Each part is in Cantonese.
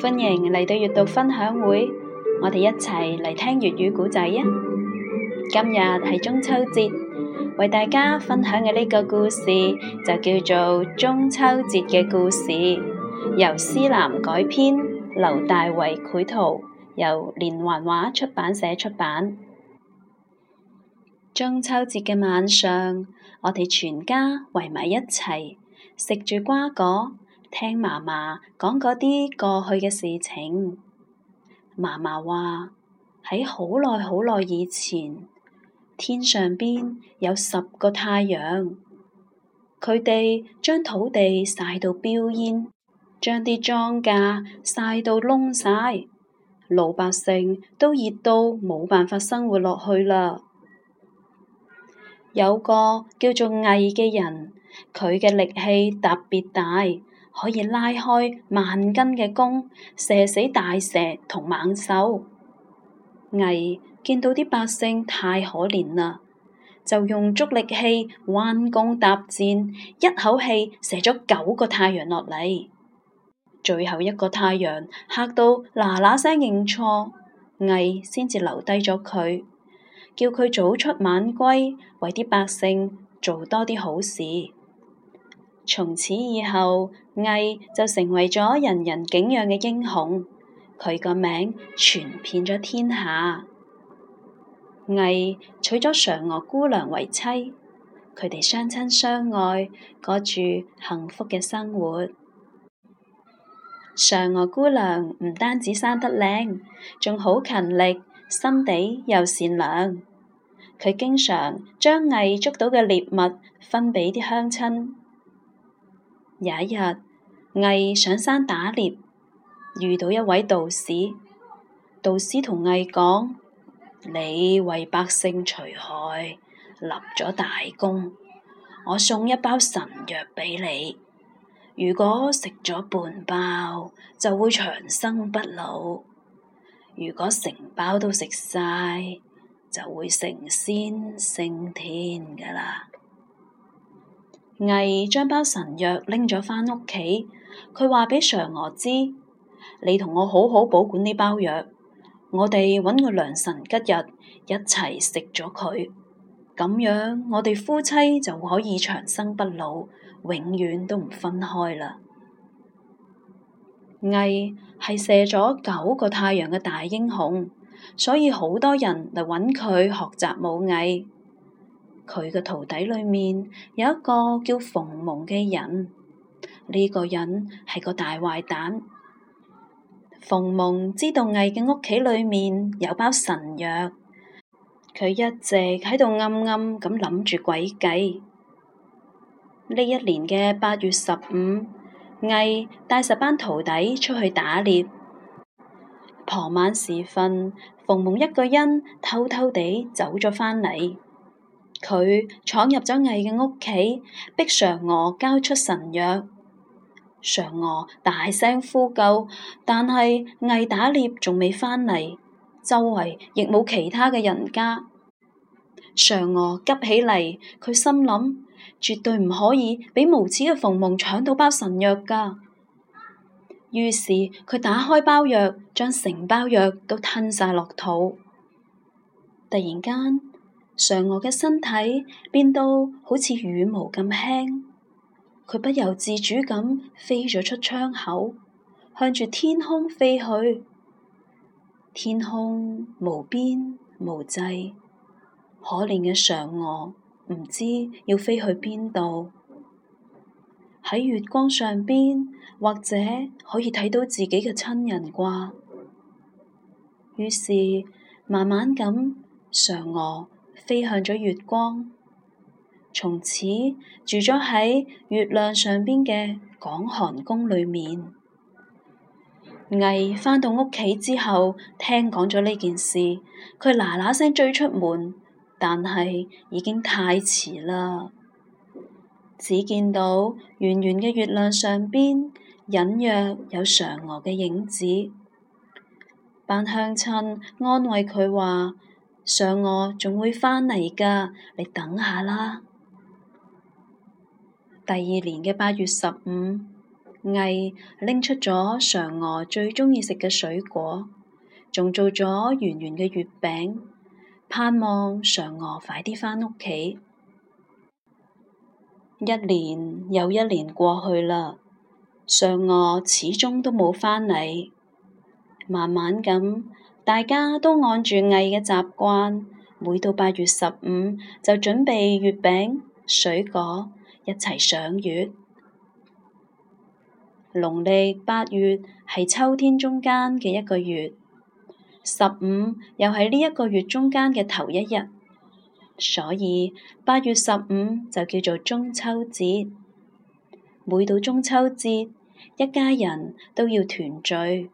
歡迎嚟到閱讀分享會，我哋一齊嚟聽粵語古仔啊！今日係中秋節，為大家分享嘅呢個故事就叫做《中秋節嘅故事》，由詩南改編，劉大為繪圖，由連環畫出版社出版。中秋節嘅晚上，我哋全家圍埋一齊食住瓜果。聽嫲嫲講嗰啲過去嘅事情，嫲嫲話喺好耐好耐以前，天上邊有十個太陽，佢哋將土地晒到飆煙，將啲莊稼晒到窿晒，老百姓都熱到冇辦法生活落去啦。有個叫做羿嘅人，佢嘅力氣特別大。可以拉開萬斤嘅弓，射死大蛇同猛獸。羿見到啲百姓太可憐啦，就用足力氣彎弓搭箭，一口氣射咗九個太陽落嚟。最後一個太陽吓到嗱嗱聲認錯，羿先至留低咗佢，叫佢早出晚歸，為啲百姓做多啲好事。從此以後，羿就成為咗人人敬仰嘅英雄。佢個名傳遍咗天下。羿娶咗嫦娥姑娘為妻，佢哋相親相愛，過住幸福嘅生活。嫦娥姑娘唔單止生得靚，仲好勤力，心地又善良。佢經常將羿捉到嘅獵物分俾啲鄉親。有一日，魏上山打獵，遇到一位道士。道士同魏講：你為百姓除害，立咗大功，我送一包神藥俾你。如果食咗半包，就會長生不老；如果成包都食晒，就會成仙升天噶啦。羿將包神藥拎咗返屋企，佢話畀嫦娥知：你同我好好保管呢包藥，我哋揾個良辰吉日一，一齊食咗佢，咁樣我哋夫妻就可以長生不老，永遠都唔分開啦。羿係射咗九個太陽嘅大英雄，所以好多人嚟揾佢學習武藝。佢嘅徒弟裏面有一個叫馮蒙嘅人，呢個人係個大壞蛋。馮蒙知道魏嘅屋企裏面有包神藥，佢一直喺度暗暗咁諗住詭計。呢一年嘅八月十五，魏帶十班徒弟出去打獵，傍晚時分，馮蒙一個人偷偷地走咗返嚟。佢闖入咗羿嘅屋企，逼嫦娥交出神藥。嫦娥大聲呼救，但係羿打獵仲未返嚟，周圍亦冇其他嘅人家。嫦娥急起嚟，佢心諗絕對唔可以俾無恥嘅逢蒙搶到包神藥㗎。於是佢打開包藥，將成包藥都吞晒落肚。突然間。嫦娥嘅身體變到好似羽毛咁輕，佢不由自主咁飛咗出窗口，向住天空飛去。天空無邊無際，可憐嘅嫦娥唔知要飛去邊度，喺月光上面或者可以睇到自己嘅親人啩。於是慢慢咁，嫦娥。飛向咗月光，從此住咗喺月亮上邊嘅廣寒宮裏面。羿返到屋企之後，聽講咗呢件事，佢嗱嗱聲追出門，但係已經太遲啦。只見到圓圓嘅月亮上邊隱約有嫦娥嘅影子。班鄉親安慰佢話。嫦娥仲會返嚟噶，你等下啦。第二年嘅八月十五，羿拎出咗嫦娥最鍾意食嘅水果，仲做咗圓圓嘅月餅，盼望嫦娥快啲返屋企。一年又一年過去啦，嫦娥始終都冇返嚟，慢慢咁。大家都按住藝嘅習慣，每到八月十五就準備月餅、水果一齊賞月。農曆八月係秋天中間嘅一個月，十五又係呢一個月中間嘅頭一日，所以八月十五就叫做中秋節。每到中秋節，一家人都要團聚，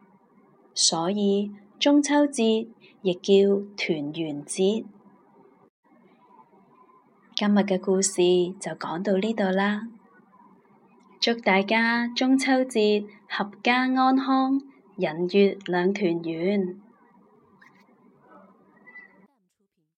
所以。中秋節亦叫團圓節，今日嘅故事就講到呢度啦！祝大家中秋節合家安康，人月兩團圓。